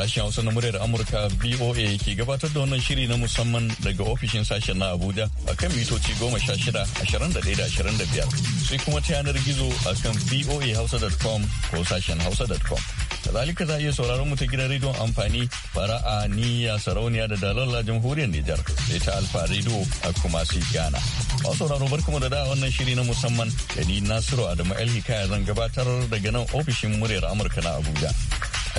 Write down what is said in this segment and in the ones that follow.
Sashen Hausa na muryar Amurka BOA ke gabatar da wannan shiri na musamman daga ofishin sashen na Abuja a kan mitoci goma sha shida, ashirin da da da biyar. Sai kuma ta yanar gizo a kan boahausa.com ko sashen hausa.com. Kazalika za a iya sauraron mu ta gidan rediyon amfani fara'a niyya sarauniya da dalalla jamhuriyar Nijar sai ta alfa rediyo a kumasi Ghana. Masu sauraro barkamu da da wannan shiri na musamman da ni Nasiru Adamu El Hikaya zan gabatar daga nan ofishin muryar Amurka na Abuja.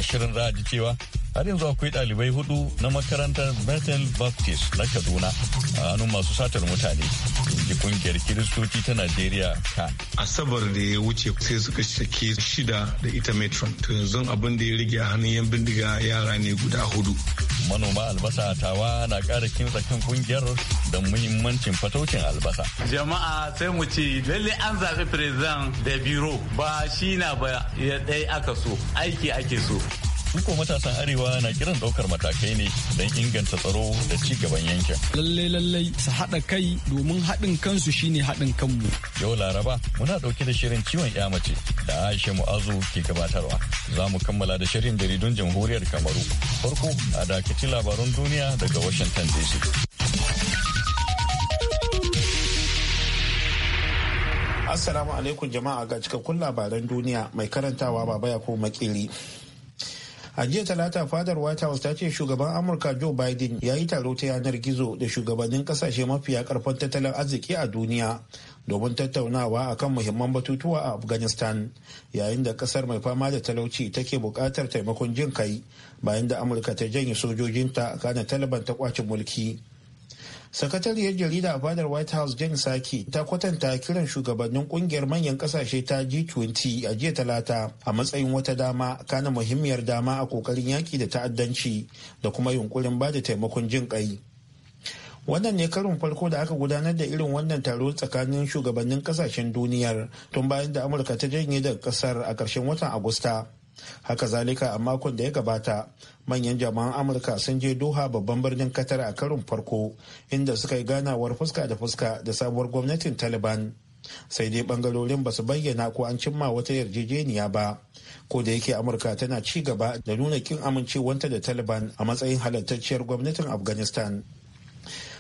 ashirin shirin za a ji cewa har yanzu akwai ɗalibai hudu na makarantar bethel baptist na kaduna a hannun masu satar mutane inji kungiyar kiristoci ta najeriya ka asabar da ya wuce sai suka sake shida da ita metron to yanzu abin da ya rage a hannun yan bindiga yara ne guda hudu manoma albasa tawa na ƙara kinsa kan kungiyar da muhimmancin fatocin albasa. Jama'a sai mu ce lalle an zaɓi president da biro ba shi na ba ya ɗaya aka so aiki ake so. Hukumar matasan arewa na kiran daukar matakai ne don inganta tsaro da ci gaban yankin. Lallai lallai su haɗa kai domin haɗin kansu shine haɗin kanmu. Yau Laraba muna ɗauke da shirin ciwon ya mace da Aisha Mu'azu ke gabatarwa. Za mu kammala da shirin jaridun jamhuriyar Kamaru. Farko a dakaci labarun duniya daga Washington DC. Assalamu alaikum jama'a ga cikakkun labaran duniya mai karantawa baba ya ko makili. a jiya talata fadar white house ta ce shugaban amurka joe biden ya yi taro ta yanar gizo da shugabannin kasashe mafiya karfan tattalin arziki a duniya domin tattaunawa akan muhimman batutuwa a afghanistan yayin da kasar mai fama da talauci take buƙatar taimakon jin kai bayan da amurka ta janye sojojinta kana taliban ta kwacin mulki sakatariyar jarida a fadar white house jen saki ta kwatanta kiran shugabannin kungiyar manyan kasashe ta g20 a jiya talata a matsayin wata dama kana muhimmiyar dama a kokarin yaki da ta'addanci da kuma yunkurin ba da taimakon jin kai wannan ne karin farko da aka gudanar da irin wannan taro tsakanin shugabannin kasashen duniyar tun bayan da amurka ta janye daga kasar a ƙarshen watan agusta haka zalika a makon da ya gabata manyan jama'an amurka sun je doha babban birnin katar a karin farko inda suka yi ganawar fuska da fuska da sabuwar gwamnatin taliban sai dai bangarorin ba su bayyana ko an cimma wata yarjejeniya ba ko da yake amurka tana ci gaba da nuna kin amincewanta da taliban a matsayin halartacciyar gwamnatin afghanistan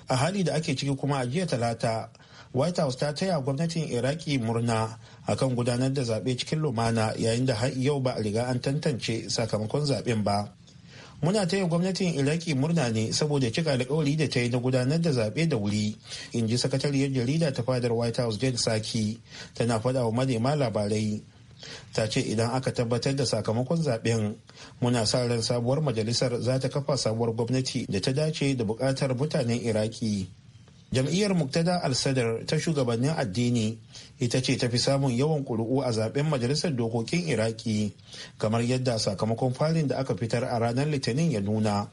a hali da ake ciki kuma a jiya talata white house ta taya gwamnatin iraki murna akan gudanar da zaɓe cikin lumana yayin da har yau ba a riga an tantance sakamakon zaɓen ba muna taya gwamnatin iraki murna ne saboda cika alkawari da ta yi na gudanar da zaɓe da wuri in ji sakatariyar jarida ta fadar white house jen saki tana faɗa wa manema labarai ta ce idan aka tabbatar da sakamakon zaɓen muna sa ran sabuwar majalisar za ta kafa sabuwar gwamnati da ta dace da buƙatar mutanen iraki jam'iyyar muktada al-sadar ta shugabannin addini ita ce ta fi samun yawan kuri'u a zaben majalisar dokokin iraki kamar yadda sakamakon falin da aka fitar a ranar litinin ya nuna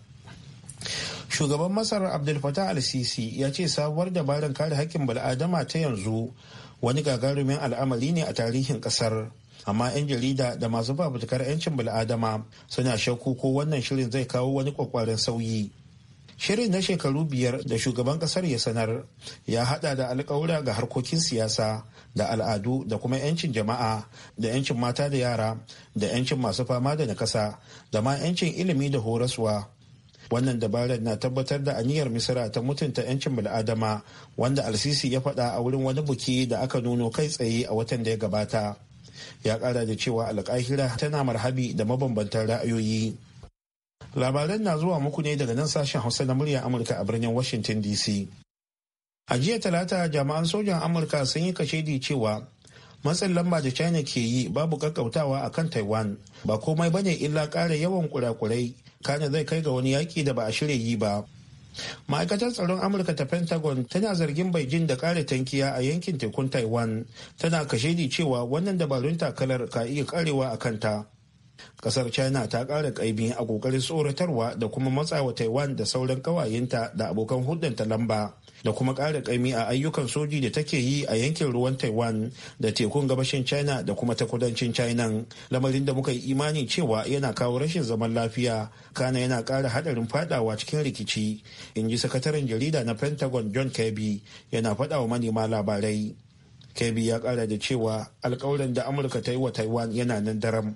shugaban masar abdul fatah al-sisi ya ce sabuwar dabarar kare hakkin bal'adama ta yanzu wani gagarumin al'amari ne a tarihin kasar amma 'yan jarida da masu fafutukar 'yancin bal'adama suna shakku ko wannan shirin zai kawo wani kwakwarin sauyi shirin na shekaru biyar da shugaban kasar ya sanar ya hada da alkawura ga harkokin siyasa da al'adu da kuma 'yancin jama'a da 'yancin mata da yara da 'yancin masu fama da nakasa da ma 'yancin ilimi da horaswa wannan dabarar na tabbatar da aniyar misira ta mutunta 'yancin bil'adama wanda alsisi ya faɗa a wurin wani buki da aka nuno kai tsaye a watan da ya gabata ya ƙara da cewa alƙahira tana marhabi da mabambantan ra'ayoyi Labaran na zuwa muku ne daga nan sashen Hausa na murya Amurka a birnin Washington DC. A jiya talata jami'an sojan Amurka sun yi kashedi cewa matsin lamba da China ke yi babu kakkautawa a kan Taiwan ba komai bane illa kara yawan kurakurai kana zai kai ga wani yaki da ba a shirya yi ba. ma'aikatar tsaron amurka ta pentagon tana zargin beijing da kare tankiya a yankin tekun taiwan tana kashedi cewa wannan dabarun takalar ka iya karewa a kanta kasar china ta kara ƙaimi a kokarin tsoratarwa da kuma matsawa taiwan da sauran ƙawayenta da abokan ta lamba da kuma kara kaimi a ayyukan soji da take yi a yankin ruwan taiwan da tekun gabashin china da kuma ta kudancin china lamarin da muka yi imani cewa yana kawo rashin zaman lafiya kana yana kara hadarin fadawa cikin rikici in ji sakataren jarida na pentagon john kirby yana faɗa manema labarai kirby ya kara da cewa alkawarin da amurka ta yi wa taiwan yana nan daram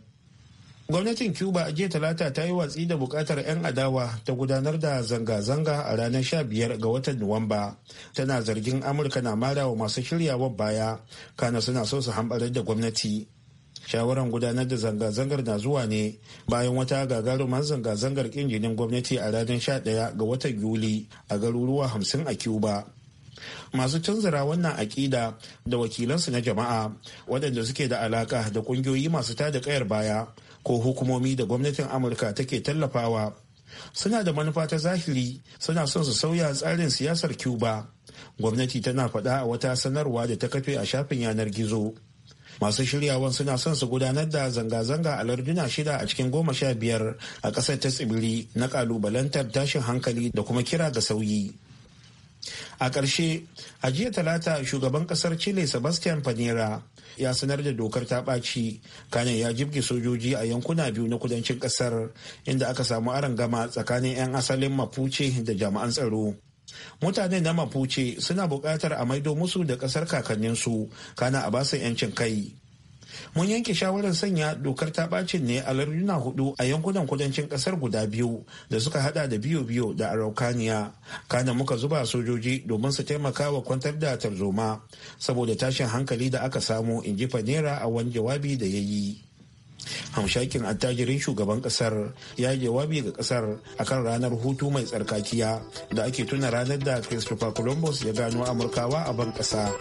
Gwamnatin Cuba a jiya talata ta yi watsi da bukatar 'yan adawa ta gudanar da zanga-zanga a ranar 15 ga watan Nuwamba. Tana zargin Amurka na mara wa masu shiryawa baya, kana suna so su hambarar da gwamnati. Shawaran gudanar da zanga-zangar na zuwa ne bayan wata gagarumar zanga-zangar injinin gwamnati a ranar 11 ga watan Yuli a garuruwa hamsin a Cuba. masu canzara wannan aƙida da wakilansu na jama'a waɗanda suke da alaka da ƙungiyoyi masu tada ƙayar baya ko hukumomi da gwamnatin amurka take tallafawa suna da manufa ta zahiri suna son su sauya tsarin siyasar cuba gwamnati tana faɗa a wata sanarwa da ta kafe a shafin yanar gizo masu shiryawan suna son su gudanar da zanga-zanga a larduna shida a cikin goma sha biyar a ƙasar ta tsibiri na ƙalubalantar tashin hankali da kuma kira ga sauyi a ƙarshe a jiya talata shugaban ƙasar chile sebastian panera ya sanar da dokar ta ɓaci kane ya jibge sojoji a yankuna biyu na kudancin ƙasar inda aka samu gama tsakanin 'yan asalin mapuche da jama'an tsaro mutane na mapuche suna buƙatar a maido musu da ƙasar kakanninsu kana a basu 'yancin kai mun yanke shawarar sanya dokar ta bacin ne a larduna hudu a yankunan kudancin kasar guda biyu da suka hada da biyo biyo da araukaniya kana muka zuba sojoji domin su taimaka wa kwantar da tarzoma saboda tashin hankali da aka samu in ji fanera a wani jawabi da ya yi hamshakin attajirin shugaban kasar ya jawabi ga kasar akan ranar hutu mai tsarkakiya da ake tuna ranar da christopher columbus ya gano amurkawa a ban kasa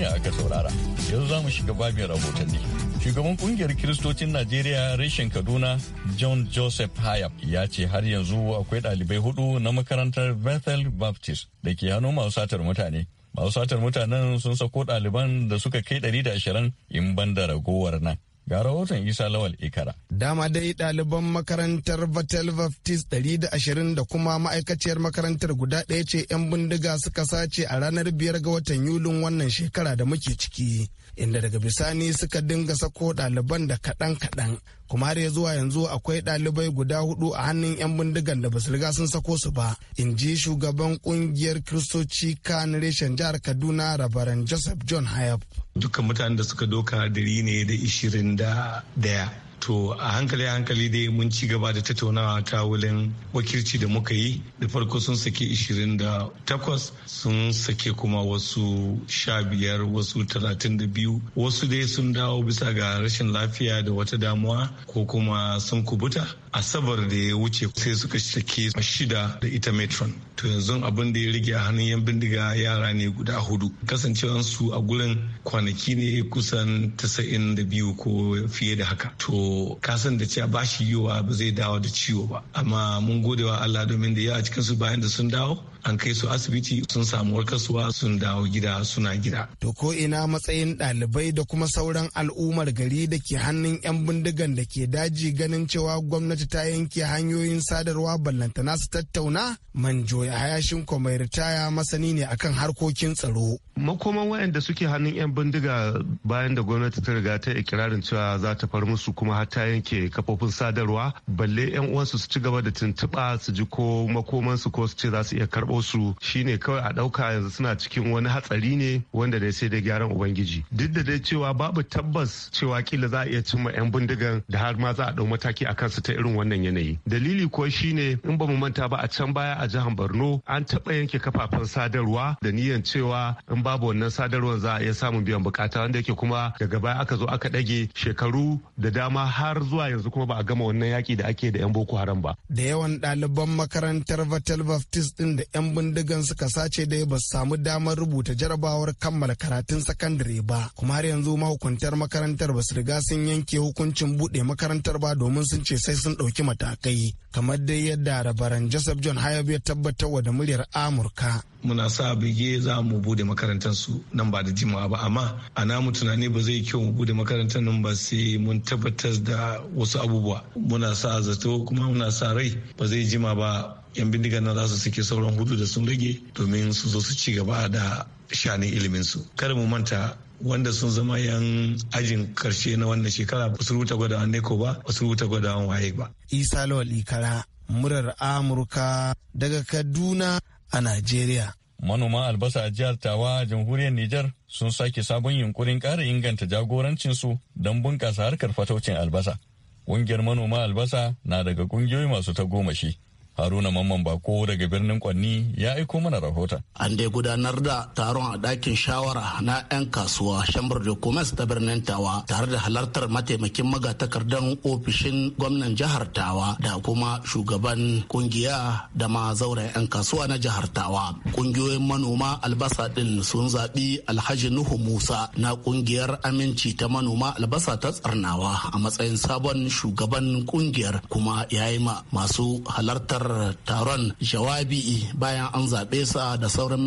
duniya aka saurara. Yanzu za mu shiga babin rahotanni. Shugaban kungiyar Kiristocin Najeriya reshen Kaduna John Joseph Hayab ya ce har yanzu akwai dalibai hudu na makarantar Bethel Baptist da ke hannu masu satar mutane. Masu satar mutanen sun sako daliban da suka kai 120 in ban da ragowar nan. Ga rahoton Isa Lawal Ikara. Dama dai ɗaliban makarantar batel Baptist 120 da kuma ma'aikaciyar makarantar guda ɗaya ce 'yan bindiga suka sace a ranar biyar ga watan Yulin wannan shekara da muke ciki. inda daga bisani suka dinga sako ɗaliban da kaɗan-kaɗan kuma har zuwa yanzu akwai ɗalibai guda hudu a hannun 'yan bindigan da basu riga sun sako su ba in ji shugaban kungiyar kiristoci kan reshen jihar kaduna rabaran joseph john hayab dukkan mutanen da suka doka dari ne da ishirin da daya to a hankali hankali dai mun ci gaba da tattaunawa ta wulin wakilci da muka yi da farko sun sake 28 sun sake kuma wasu 15 wasu 32 wasu dai sun dawo bisa ga rashin lafiya da wata damuwa ko kuma sun kubuta asabar da ya wuce sai suka sake shida da ita metron to yanzu abin da ya rage a hannun yan bindiga yara ne guda hudu kasancewar su a gurin kwanaki ne kusan tasa'in da biyu ko fiye da haka to kasan da cewa ba shi yiwuwa ba zai dawo da ciwo ba amma mun gode wa allah domin da yawa su bayan da sun dawo an kai su asibiti sun samu warkaswa sun dawo gida suna gida. To ko ina matsayin ɗalibai da kuma sauran al'ummar gari da ke hannun 'yan bindigan da ke daji ganin cewa gwamnati ta yanke hanyoyin sadarwa ballantana su tattauna manjo ya hayashin mai ritaya masani ne akan harkokin tsaro. Makoman waɗanda suke hannun 'yan bindiga bayan da gwamnati ta riga ta ikirarin cewa za ta far musu kuma har ta yanke kafofin sadarwa balle 'yan uwansu su ci gaba da tuntuɓa su ji ko makomansu ko su ce za su iya karɓa taɓo su shine kawai a ɗauka yanzu suna cikin wani hatsari ne wanda dai sai da gyaran ubangiji duk da dai cewa babu tabbas cewa kila za a iya cimma 'yan bindigan da har ma za a dau mataki a kansu ta irin wannan yanayi dalili ko shine in ba mu manta ba a can baya a jihar borno an taɓa yanke kafafen sadarwa da niyyar cewa in babu wannan sadarwar za a iya samun biyan bukata wanda yake kuma daga baya aka zo aka ɗage shekaru da dama har zuwa yanzu kuma ba a gama wannan yaki da ake da 'yan boko haram ba da yawan ɗaliban makarantar vatel baptist din da 'yan bindigan suka sace dai ba samu damar rubuta jarabawar kammala karatun sakandare ba kuma har yanzu mahukuntar makarantar ba su riga sun yanke hukuncin bude makarantar ba domin sun ce sai sun ɗauki matakai kamar dai yadda rabaran joseph john hayab ya tabbatar wa da muryar amurka muna sa bege za mu bude makarantar su nan ba da jimawa ba amma a namu tunani ba zai kyau mu bude makarantar nan ba sai mun tabbatar da wasu abubuwa muna sa zato kuma muna sa rai ba zai jima ba yan bindigan nan za su suke sauran hudu da sun rage domin su zo su ci gaba da shanin ilimin su kada mu manta wanda sun zama yan ajin karshe na wannan shekara ba su rubuta gwada neko ba ba su rubuta an waye ba isa lawal ikara murar amurka daga kaduna a Najeriya. Manoma albasa a jihar Tawa a jamhuriyar Nijar sun sake sabon yunkurin ƙara inganta jagorancinsu don bunƙasa harkar fataucin albasa. Ƙungiyar manoma albasa na daga ƙungiyoyi masu tagomashi Haruna Mamman Bako daga birnin Kwanni ya aiko mana rahota. An dai gudanar da taron a ɗakin shawara na 'yan kasuwa Shambar da Commerce ta birnin Tawa tare da halartar mataimakin magatakardan ofishin gwamnan jihar Tawa da kuma shugaban kungiya da ma zauren 'yan kasuwa na jihar Tawa. Kungiyoyin manoma albasa ɗin sun zaɓi Alhaji Nuhu Musa na kungiyar aminci ta manoma albasa ta tsarnawa a matsayin sabon shugaban kungiyar kuma ya yi ma masu halartar taron jawabi bayan an zaɓe sa da sauran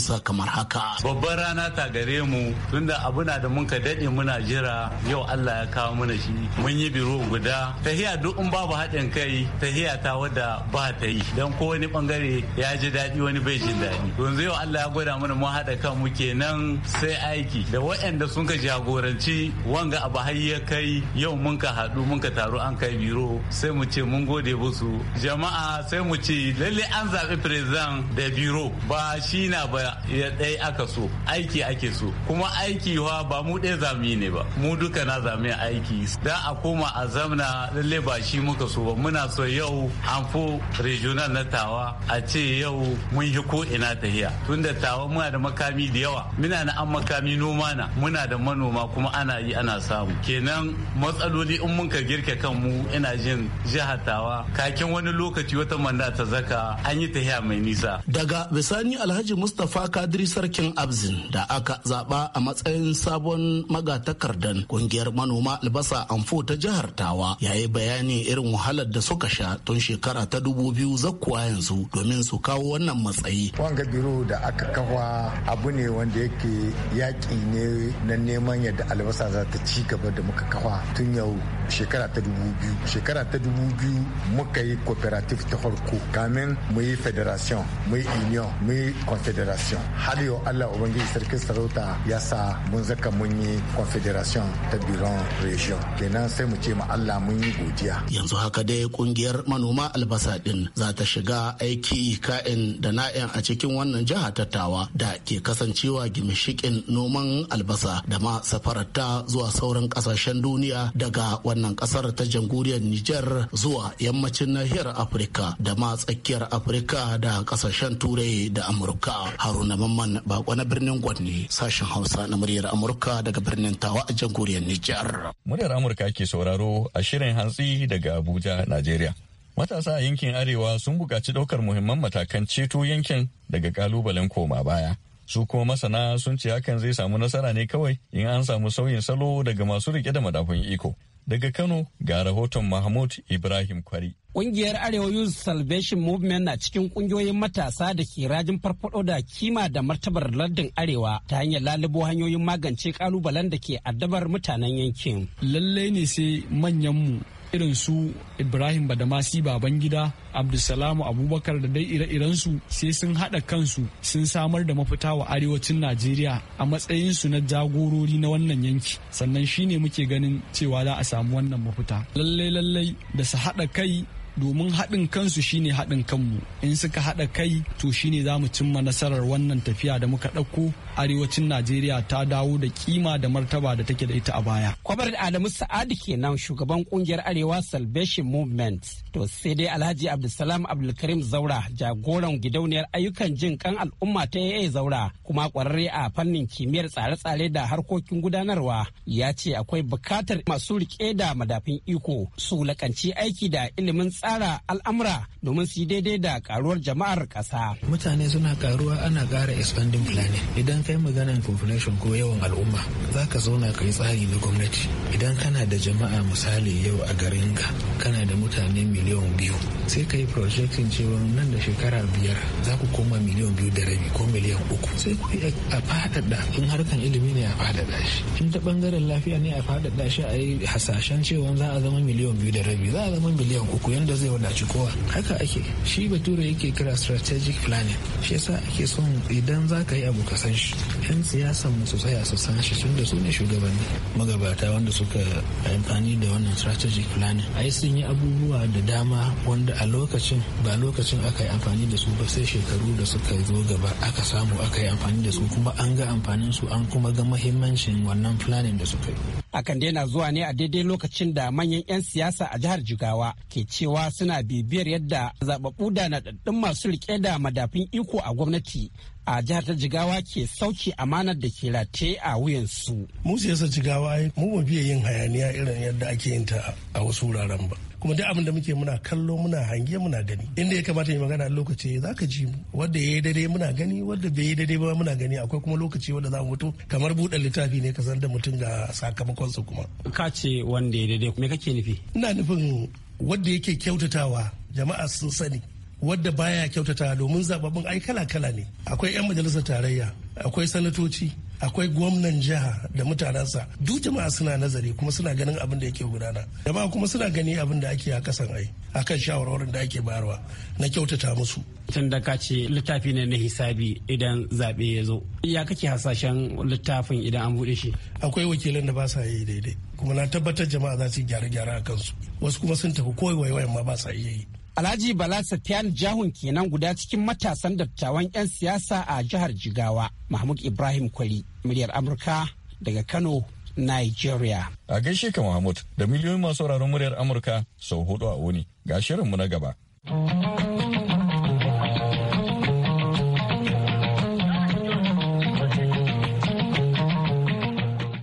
sa kamar haka. Babban rana ta gare mu tunda abu na da ka daɗe muna jira yau Allah ya kawo mana shi mun yi biro guda tahiya duk in babu haɗin kai tahiya ta wadda ba ta yi don ko wani bangare ya ji daɗi wani bai jin daɗi. Yanzu yau Allah ya gwada mana mu haɗa kan mu kenan sai aiki da waɗanda sun ka jagoranci wanga abu har ya kai yau mun ka haɗu mun ka taru an kai biro sai mu ce mun gode musu jama'a sai mu ce lalle an zaɓi firizan da biro ba shi na ba ya ɗaya aka so aiki ake so kuma aiki wa ba mu ɗaya zami ne ba mu duka na zami aiki da a koma a zamna lalle ba shi muka so ba muna so yau an fo regional na tawa a ce yau mun yi ko ina tahiya tunda tawa muna da makami da yawa muna na an makami noma na muna da manoma kuma ana yi ana samu kenan matsaloli in mun ka girke kanmu ina jin jihar tawa kakin wani lokaci wata manda zaka an yi tahiya mai nisa. Daga bisani Alhaji Mustapha Kadiri Sarkin Abzin da aka zaba a matsayin sabon magatakardan kungiyar manoma albasa amfo ta jihar Tawa ya yi bayani irin wahalar da suka sha tun shekara ta dubu biyu zakkuwa yanzu domin su kawo wannan matsayi. Wanga da aka kafa abu ne wanda yake yaƙi ne na neman yadda albasa za ta ci gaba da muka kafa tun yau shekara ta dubu biyu. Shekara ta dubu biyu muka yi cooperative ta farko kamin mu yi federation mu yi union mu yi confederation har yau allah ubangiji sarkin sarauta ya sa mun zaka mun yi confederation ta biron region kenan sai mu ce ma allah mun yi godiya yanzu haka dai kungiyar manoma albasa din za ta shiga aiki ka'in da na'in a cikin wannan jiha tattawa da ke kasancewa gimishikin noman albasa da ma safararta zuwa sauran kasashen duniya daga wannan kasar ta jamhuriyar niger zuwa yammacin nahiyar afirka da ma tsakiyar afirka da kasashen turai da amurka haruna mamman bako na birnin gwanne sashen hausa na muryar amurka daga birnin tawa a jamhuriyar nijar muryar amurka ke sauraro a shirin hantsi daga abuja najeriya matasa a yankin arewa sun buƙaci ɗaukar muhimman matakan ceto yankin daga ƙalubalen koma baya su kuma masana sun ce hakan zai samu nasara ne kawai in an samu sauyin salo daga masu rike da madafun iko Daga Kano ga rahoton Mahmud Ibrahim Kwari. Ƙungiyar Arewa Youth Salvation Movement na cikin ƙungiyoyin matasa da ke rajin farfado da kima da martabar lardin Arewa ta hanyar lalubo hanyoyin magance ƙalubalen da ke addabar mutanen yankin. Lallai ne sai manyanmu irin su ibrahim badamasi babangida abdulsalamu abubakar da dai ire-irensu sai sun haɗa kansu sun samar da mafita wa arewacin najeriya a matsayinsu na jagorori na wannan yanki sannan shine muke ganin cewa za a samu wannan mafita lallai-lallai da su haɗa kai domin haɗin kansu shine haɗin kanmu in suka haɗa kai to shine za mu cimma nasarar wannan tafiya da muka ɗauko arewacin Najeriya ta dawo da kima da martaba da take da ita a baya. Kwabar Adamu ke kenan shugaban kungiyar Arewa Salvation Movement. To sai dai Alhaji Abdulsalam Abdulkarim Zaura jagoran gidauniyar ayyukan jin kan al'umma ta yaya Zaura kuma kwararre a fannin kimiyyar tsare-tsare da harkokin gudanarwa ya ce akwai bukatar masu rike da madafin iko su lakanci aiki da ilimin tsara al'amura domin su yi daidai da karuwar jama'ar ƙasa. Mutane suna karuwa ana ƙara expanding planning idan kai maganan population ko yawan al'umma za ka zauna ka yi tsari na gwamnati idan kana da jama'a misali yau a garin ka kana da mutane miliyan biyu sai ka yi projectin cewa nan da shekara biyar za ku koma miliyan biyu da rabi ko miliyan uku sai ku yi a faɗaɗa in harkan ilimi ne a faɗaɗa shi in ta ɓangaren lafiya ne a faɗaɗa shi a yi hasashen cewa za a zama miliyan biyu da rabi za a zama miliyan uku yadda zai wadaci kowa haka ake shi bature yake kira strategic planning shi yasa ake son idan za ka yi abu ka san shi 'yan siyasan mu su tsaya su san shi tun da su ne shugabanni magabata wanda suka amfani da wannan strategic planning ai sun yi abubuwa da dama wanda a lokacin ba lokacin aka yi amfani da su ba sai shekaru da suka zo gaba aka samu aka yi amfani da su kuma an ga amfanin su an kuma ga mahimmancin wannan planning da suka yi akan daina zuwa ne a daidai lokacin da manyan 'yan siyasa a jihar jigawa ke cewa suna bibiyar yadda zababbu da naɗaɗɗun masu rike da madafin iko a gwamnati a jihar ta jigawa ke sauki amanar da ke rataye a wuyansu. mu siyasa jigawa mu ba biya yin hayaniya irin yadda ake yin ta a wasu wuraren ba kuma duk abin da muke muna kallo muna hange muna gani inda ya kamata yi magana lokaci za ka ji mu wanda ya yi daidai muna gani wanda bai yi daidai ba muna gani akwai kuma lokaci wanda za mu mutu kamar buɗe littafi ne ka san da mutum ga sakamakonsa kuma ka ce wanda ya daidai me kake nufi ina nufin wanda yake kyautatawa jama'a sun sani wadda baya kyautata domin zababin ai kala-kala ne akwai 'yan majalisar tarayya akwai sanatoci akwai gwamnan jiha da mutanensa duk jama'a suna nazari kuma suna ganin abin da yake gudana jama'a kuma suna gani abin da ake a kasan ai akan shawarwarin da ake bayarwa na kyautata musu tun da ka ce littafi ne na hisabi idan zaɓe ya zo ya kake hasashen littafin idan an buɗe shi akwai wakilan da ba sa yi daidai kuma na tabbatar jama'a za su gyare-gyare a kansu wasu kuma sun tafi koyi wayewayen ma ba sa yi Alhaji Bala Safiyan Jahun kenan guda cikin matasan dattawan 'yan siyasa a jihar Jigawa, Mahmud Ibrahim Kwali, muryar Amurka daga Kano, Nigeria. A gaishe ka Mahmud da miliyoyin masu sauraron muryar Amurka sau hudu a wuni. Ga shirinmu na gaba.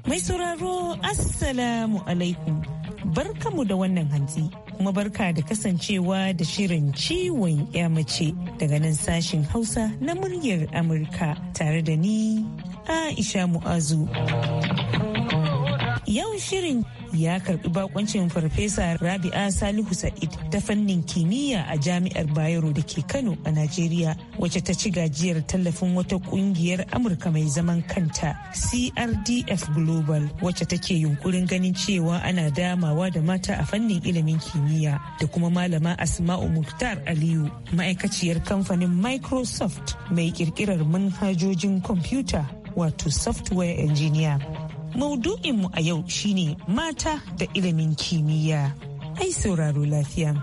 Mai sauraro, Assalamu alaikum. Barka mu da wannan hantsi kuma barka da kasancewa da shirin ciwon ya mace daga nan sashin hausa na muryar amurka tare da ni aisha mu'azu yau shirin ya karbi bakoncin farfesa rabi'a salihu sa'id ta fannin kimiyya a jami'ar bayero da ke kano a najeriya wacce ta ci gajiyar tallafin wata kungiyar amurka mai zaman kanta crdf global wacce take yunkurin ganin cewa ana damawa da mata a fannin ilimin kimiyya da kuma malama asma'u muktar aliyu ma'aikaciyar kamfanin microsoft mai kirkirar manhajojin kwamfuta wato software engineer Maudu'inmu a yau shine mata da ilimin kimiyya. Ai sauraro lafiya.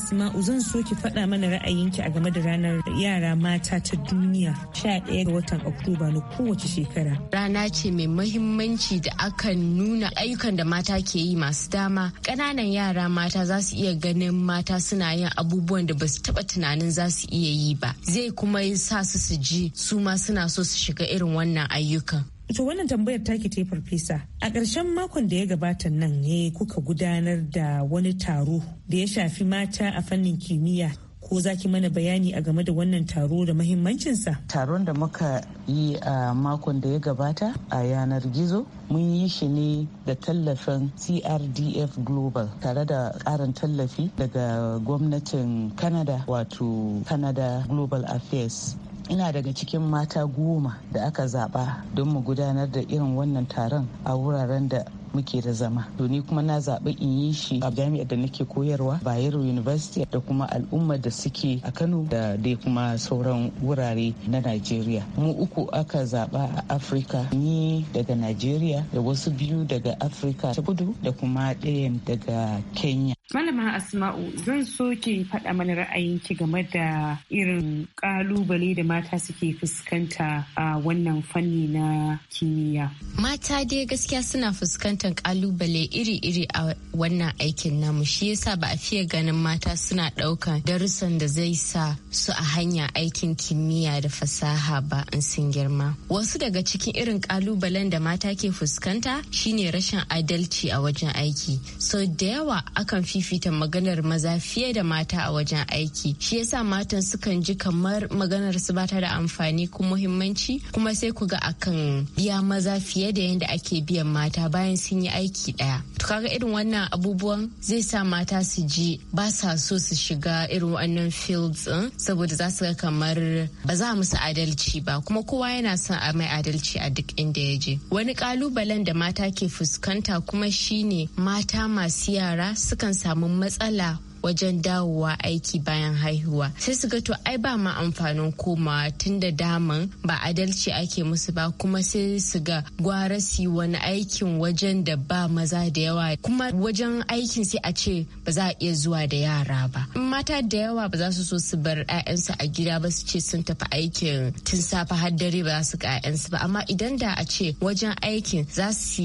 asma'u zan so ki faɗa mana ra'ayinki a game da ranar yara mata ta duniya 11 ga watan oktoba na kowace shekara rana ce mai mahimmanci da aka nuna ayyukan da mata ke yi masu dama ƙananan yara mata za su iya ganin mata suna yin abubuwan da ba su taɓa tunanin za su iya yi ba zai kuma sa su su ji su ma suna so su shiga irin wannan ayyukan To wannan tambayar take ta farfesa. A ƙarshen makon da ya gabata nan ne kuka gudanar da wani taro da ya shafi mata a fannin kimiyya. Ko za ki mana bayani a game da wannan taro da mahimmancinsa? Taron da muka yi a makon da ya gabata a yanar gizo mun yi shi ne da tallafin CRDF Global tare da karin tallafi daga gwamnatin Canada wato Canada Global Affairs ina daga cikin mata goma da aka zaba don mu gudanar da irin wannan taron a wuraren da muke da zama to ni kuma na zaɓi in yi shi a jami'ar da nake koyarwa bayero university da kuma al'ummar da suke a kano da dai kuma sauran wurare na najeriya mu uku aka zaɓa a afirka ni daga najeriya da wasu biyu daga afirka ta kudu da kuma ɗayan daga kenya Malama Asma'u zan so ki faɗa mana ra'ayinki game da irin ƙalubale da mata suke fuskanta a wannan fanni na kimiyya. Mata dai gaskiya suna fuskanta fuskantar kalubale iri-iri a wannan aikin namu shi yasa ba a fiye ganin mata suna ɗaukan darussan da zai sa su a hanya aikin kimiyya da fasaha ba in sun girma wasu daga cikin irin kalubalen da mata ke fuskanta shine rashin adalci a wajen aiki so da yawa akan fifita maganar maza fiye da mata a wajen aiki shi yasa matan sukan ji kamar maganar su bata da amfani ko muhimmanci kuma sai ku ga akan biya maza fiye da yadda ake biyan mata bayan sun yi aiki ɗaya to kaga irin wannan abubuwan zai sa mata su ji ba sa so su shiga irin wannan fields din saboda za su ga kamar ba za musu adalci ba kuma kowa yana son a mai adalci a duk inda ya je wani kalubalen da mata ke fuskanta kuma shine mata masu yara sukan samu matsala wajen dawowa aiki bayan haihuwa sai su ga to ai ba ma amfanin komawa tun da daman ba adalci ake musu ba kuma sai su ga gwara su wani aikin wajen da ba maza da yawa kuma wajen aikin sai a ce ba za a iya zuwa da yara ba mata da yawa ba za su so su bar 'ya'yansu a gida ba su ce sun tafi aikin tun safe har dare ba za su ga 'ya'yansu ba amma idan da a ce wajen aikin za su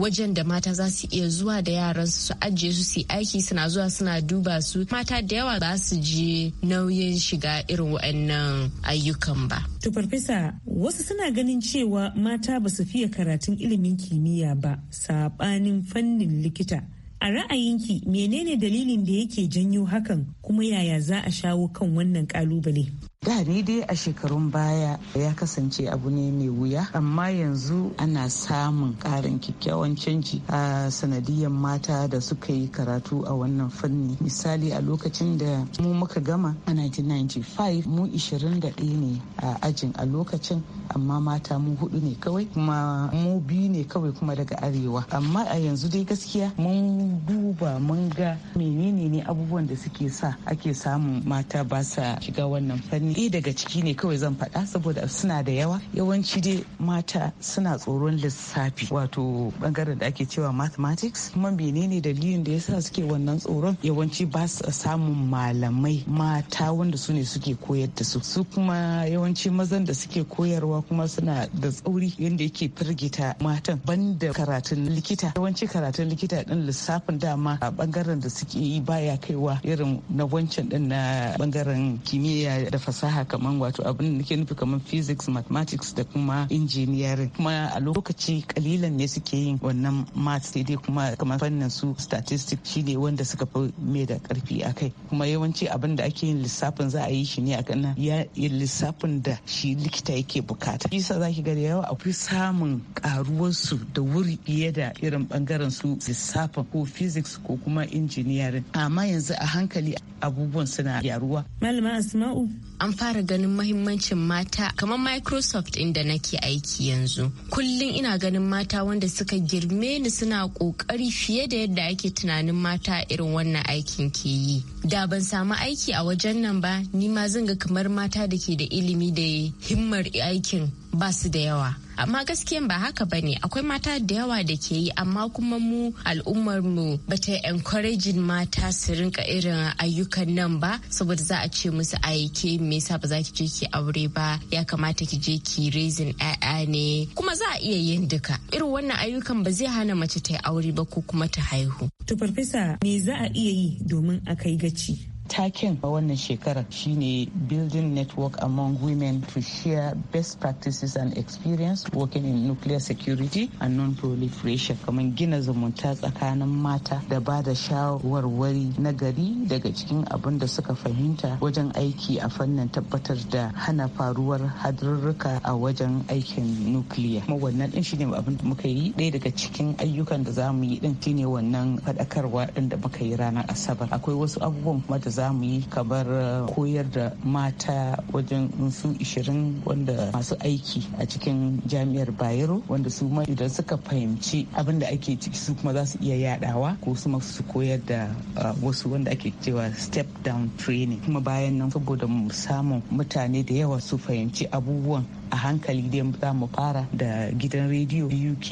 wajen da mata za su iya zuwa da yaransu su ajiye su su yi aiki suna zuwa suna du duba su mata da yawa ba su ji nauyin shiga irin waɗannan ayyukan ba. To farfesa wasu suna ganin cewa mata ba su fiye karatun ilimin kimiyya ba saɓanin fannin likita. A ra'ayinki menene dalilin da yake janyo hakan kuma yaya za a shawo kan wannan ƙalubale Da ni dai a shekarun baya ya kasance abu ne mai wuya amma yanzu ana samun ƙarin kyakkyawan canji a sanadiyar mata da suka yi karatu a wannan fanni. Misali a lokacin da mu muka gama a 1995 mu 21 ne a ajin a lokacin amma mata mu hudu ne kawai kuma mu biyu ne kawai kuma daga arewa amma a yanzu dai gaskiya mun duba mun ga menene ne abubuwan da suke sa ake samun mata ba sa shiga wannan fanni ni eh, daga ciki ne kawai zan faɗa saboda suna da yawa yawanci dai mata suna tsoron lissafi wato bangaren da ake cewa mathematics kuma menene dalilin da yasa suke wannan tsoron yawanci ba su samun malamai mata wanda su ne suke koyar da su su kuma yawanci mazan da suke koyarwa kuma suna da tsauri yadda yake firgita matan banda karatun likita yawanci karatun likita din lissafin dama a bangaren da suke yi baya kaiwa irin na wancan din na bangaren kimiyya da fasaha fasaha kamar wato abin da nake nufi kamar physics mathematics da kuma engineering kuma a lokaci kalilan ne suke yin wannan maths sai dai kuma kamar fannin su statistics shine wanda suka fi mai da karfi a kai kuma yawanci abin da ake yin lissafin za a yi shi ne a kan ya lissafin da shi likita yake bukata bisa za ki ga da yawa akwai samun karuwar su da wuri fiye da irin bangaren su lissafin ko physics ko kuma engineering amma yanzu a hankali abubuwan suna yaruwa malama asma'u an fara ganin mahimmancin mata kamar microsoft inda nake aiki yanzu kullum ina ganin mata wanda suka girme ni suna kokari fiye da yadda ake tunanin mata irin wannan aikin ke yi da ban samu aiki a wajen nan ba ni ma zan ga kamar mata da ke da ilimi da himmar aikin ba su da yawa amma gaskiyan ba haka ba ne akwai mata da yawa da ke yi amma kuma mu al'ummar mu bata encouraging mata su rinka irin ayyukan nan ba saboda za a ce musu aiki me yasa ba za ki je ki aure ba ya kamata ki je ki raising ƴaƴa ne kuma za a iya yin duka irin wannan ayyukan ba zai hana mace ta yi aure ba ko kuma ta haihu to farfesa me za a iya yi domin a kai gaci taken a wannan shekarar shine building network among women to share best practices and experience working in nuclear security and non-proliferation kamar gina zumunta tsakanin mata da ba da shawarwari na gari daga cikin abin da suka fahimta wajen aiki a fannin tabbatar da hana faruwar hadarurruka a wajen aikin nukiliya kuma wannan din shine abin da muka yi ɗaya daga cikin ayyukan da za mu yi din shine wannan faɗakarwa din da muka yi ranar asabar akwai wasu abubuwan kuma da za mu yi kamar uh, koyar da mata wajen su ishirin wanda masu aiki a cikin jami'ar bayero wanda su ma idan suka fahimci abin da ake ciki su kuma za su iya yadawa ko su ma su koyar da uh, wasu wanda ake cewa step down training kuma bayan nan saboda mu samun mutane da yawa su fahimci abubuwan a hankali dai za mu fara da gidan rediyo uk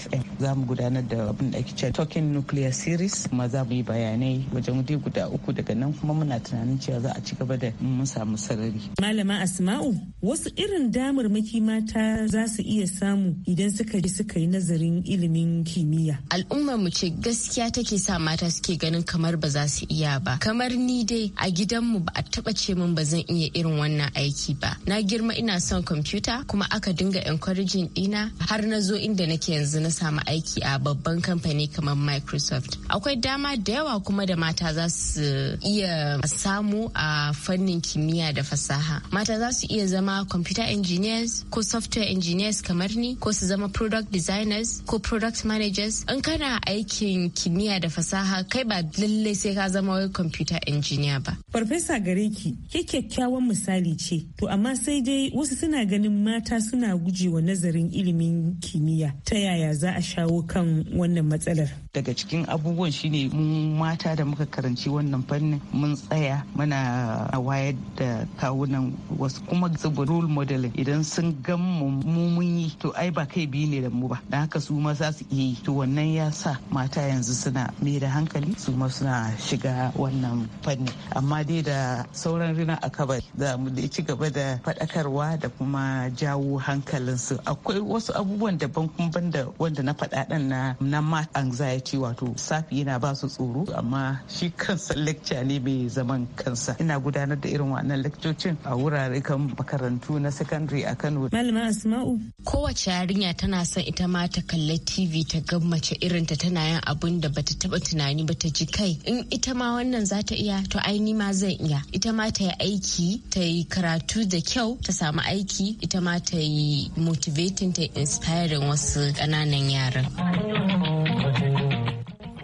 fm za mu gudanar da abin da ake token nuclear series kuma za mu yi bayanai wajen dai guda uku daga nan kuma muna tunanin cewa za a ci gaba da mun samu sarari malama asma'u wasu irin damar damarmaki mata za su iya samu idan suka ji suka yi nazarin ilimin kimiyya al'ummar mu ce gaskiya take sa mata suke ganin kamar ba za su iya ba kamar ni dai a gidanmu ba a taba ce min ba zan iya irin wannan aiki ba na girma ina son kwamfuta computer kuma aka dinga encouraging dina har na zo inda nake yanzu na samu aiki a babban kamfani kamar Microsoft. Akwai dama da yawa kuma da mata za su iya samu a fannin kimiyya da fasaha. Mata za su iya zama computer engineers ko software engineers kamar ni ko su zama product designers ko product managers. In kana aikin kimiyya da fasaha kai ba lallai sai ka zama wai computer engineer ba. Farfesa gareki ki, ke kyakkyawan misali ce. To amma sai dai wasu suna ganin ganin mata suna gujewa nazarin ilimin kimiyya ta yaya za a shawo kan wannan matsalar daga cikin abubuwan shine mu mata da muka karanci wannan fannin mun tsaya muna wayar da kawunan wasu kuma zuba role modeling idan sun gan mu mun yi to ai ba kai biyu ne da mu ba da haka su ma za su iya yi to wannan ya sa mata yanzu suna mai da hankali su ma suna shiga wannan fanni amma dai da sauran rina a kabari za mu ci gaba da faɗakarwa da kuma na jawo hankalinsu akwai wasu abubuwan daban kuma banda wanda na faɗa ɗan na na math anxiety wato safi yana ba su tsoro amma shi kansa lecture ne mai zaman kansa ina gudanar da irin wannan lekcocin a wurare kan makarantu na secondary a Kano. Malama Asma'u. Kowace yarinya tana son ita ma ta kalla TV ta ga mace irin ta tana yin abun da bata taba tunani ba ta ji kai in ita ma wannan za ta iya to ai ma zan iya ita ma ta yi aiki ta yi karatu da kyau ta samu aiki ita ma ta yi motivating ta inspiring wasu ƙananan yaran.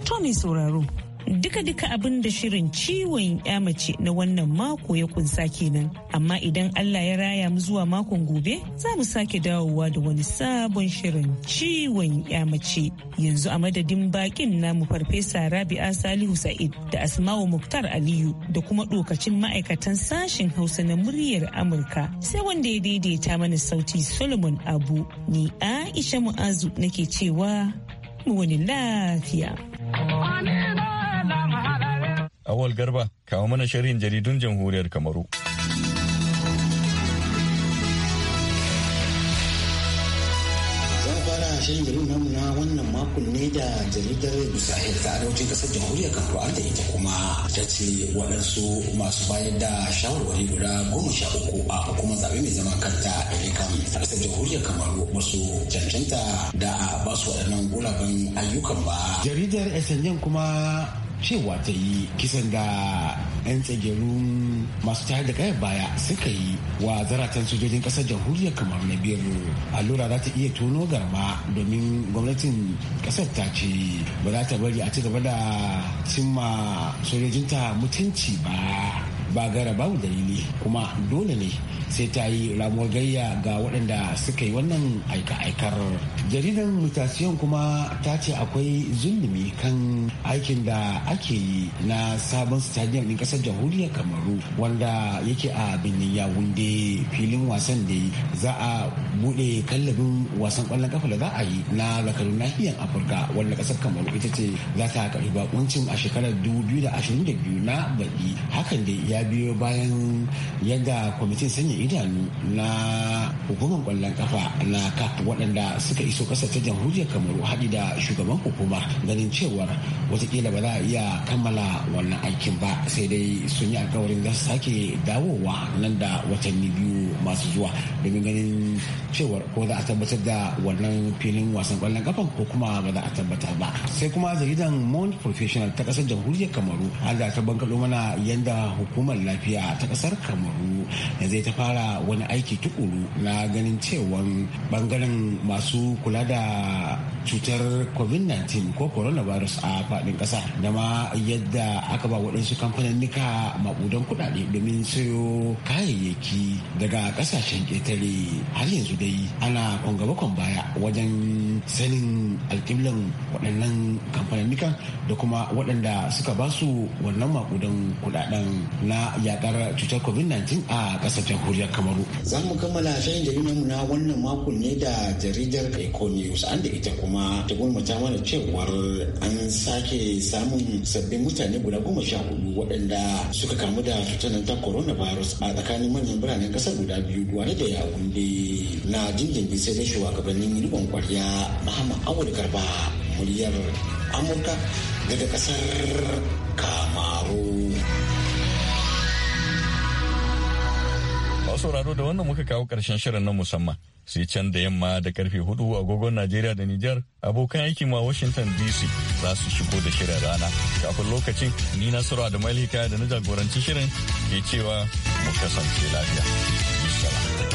Tony sauraro Duka-duka abin da shirin ciwon ya mace na wannan mako ya kunsa kenan. Amma idan Allah ya raya mu zuwa makon gobe, za mu sake dawowa da wani sabon shirin ciwon ya mace. Yanzu a madadin bakin namu farfesa Rabi'a Salihu Sa'id da Asma'u Muktar Aliyu da kuma dokacin ma'aikatan sashen Hausa na muryar Amurka. Sai wanda ya daidaita mana sauti Solomon Abu. Ni Aisha Mu'azu nake cewa mu wani lafiya. Amen. Awal Garba kawo mana shirin jaridun jamhuriyar Kamaru. shirin garin namu na wannan makon ne da jaridar misahil ta arewacin kasar jamhuriyar kamaru da ita kuma ta ce waɗansu masu bayar da shawarwari guda goma sha uku a hukumar zaɓe mai zaman kanta elekam a kasar jamhuriyar kamaru wasu cancanta da a basu waɗannan gulaben ayyukan ba. jaridar esenyen kuma cewa ta yi kisan da 'yan tsagerun masu tayar da kayan baya suka yi wa zaratan sojojin kasar jamhuriyar kamar na biyar allura za ta iya tono garma domin gwamnatin kasar ta ce ba za ta bari a ci gaba da cimma sojojinta mutunci ba ba gara babu dalili kuma dole ne sai ta yi ramuwar gayya ga waɗanda suka yi wannan aika-aikar jaridar mutasiyon kuma ta ce akwai zulumi kan aikin da ake yi na sabon stadium ɗin ƙasar jamhuriyar kamaru wanda yake a birnin yawunde filin wasan da za a buɗe kallabin wasan ƙwallon ƙafa da za a yi na zakarun nahiyar afirka wanda ƙasar kamaru ita ce za ta karɓi bakuncin a shekarar 2022 na baɗi hakan da ya biyo bayan yadda kwamitin sanya idanu na hukumar kwallon kafa na kaf waɗanda suka iso ƙasar ta jamhuriyar kamaru haɗi da shugaban hukuma ganin cewar watakila ba za a iya kammala wannan aikin ba sai dai sun yi alkawarin za su sake dawowa nan da watanni biyu masu zuwa domin ganin cewar ko za a tabbatar da wannan filin wasan kwallon kafan ko kuma ba za a tabbata ba sai kuma jaridan mount professional ta ƙasar jamhuriyar kamaru an da ta bankalo mana yadda hukumar hukumar lafiya ta kasar kamaru da zai ta fara wani aiki tukuru na ganin cewa bangaren masu kula da cutar covid-19 ko coronavirus a faɗin ƙasa da ma yadda aka ba waɗansu kamfanin nika maƙudan kuɗaɗe domin sayo kayayyaki daga ƙasashen ƙetare har yanzu dai ana kwangabakon baya wajen sanin alƙiblan waɗannan kamfanin nika da kuma waɗanda suka ba su wannan maƙudan kuɗaɗen na yakar cutar covid-19 a ƙasar jamhuriyar kamaru za mu kammala shayin jaridar mu na wannan makon ne da jaridar eco news an da ita kuma ta ta mana cewar an sake samun sabbin mutane guda goma sha hudu waɗanda suka kamu da cutar nan ta coronavirus a tsakanin manyan biranen ƙasar guda biyu duwane da da na jinjin sai dai shugabannin riƙon kwarya muhammad awul garba muryar amurka daga ƙasar kamaru. Masu sauraro da wannan muka kawo karshen shirin na musamman. Sai can da yamma da karfe hudu agogon Najeriya da Nijar abokan aiki ma Washington DC za su shigo da shirin rana. Kafin lokacin ni na sura da malika da na jagoranci shirin ke cewa mu kasance lafiya.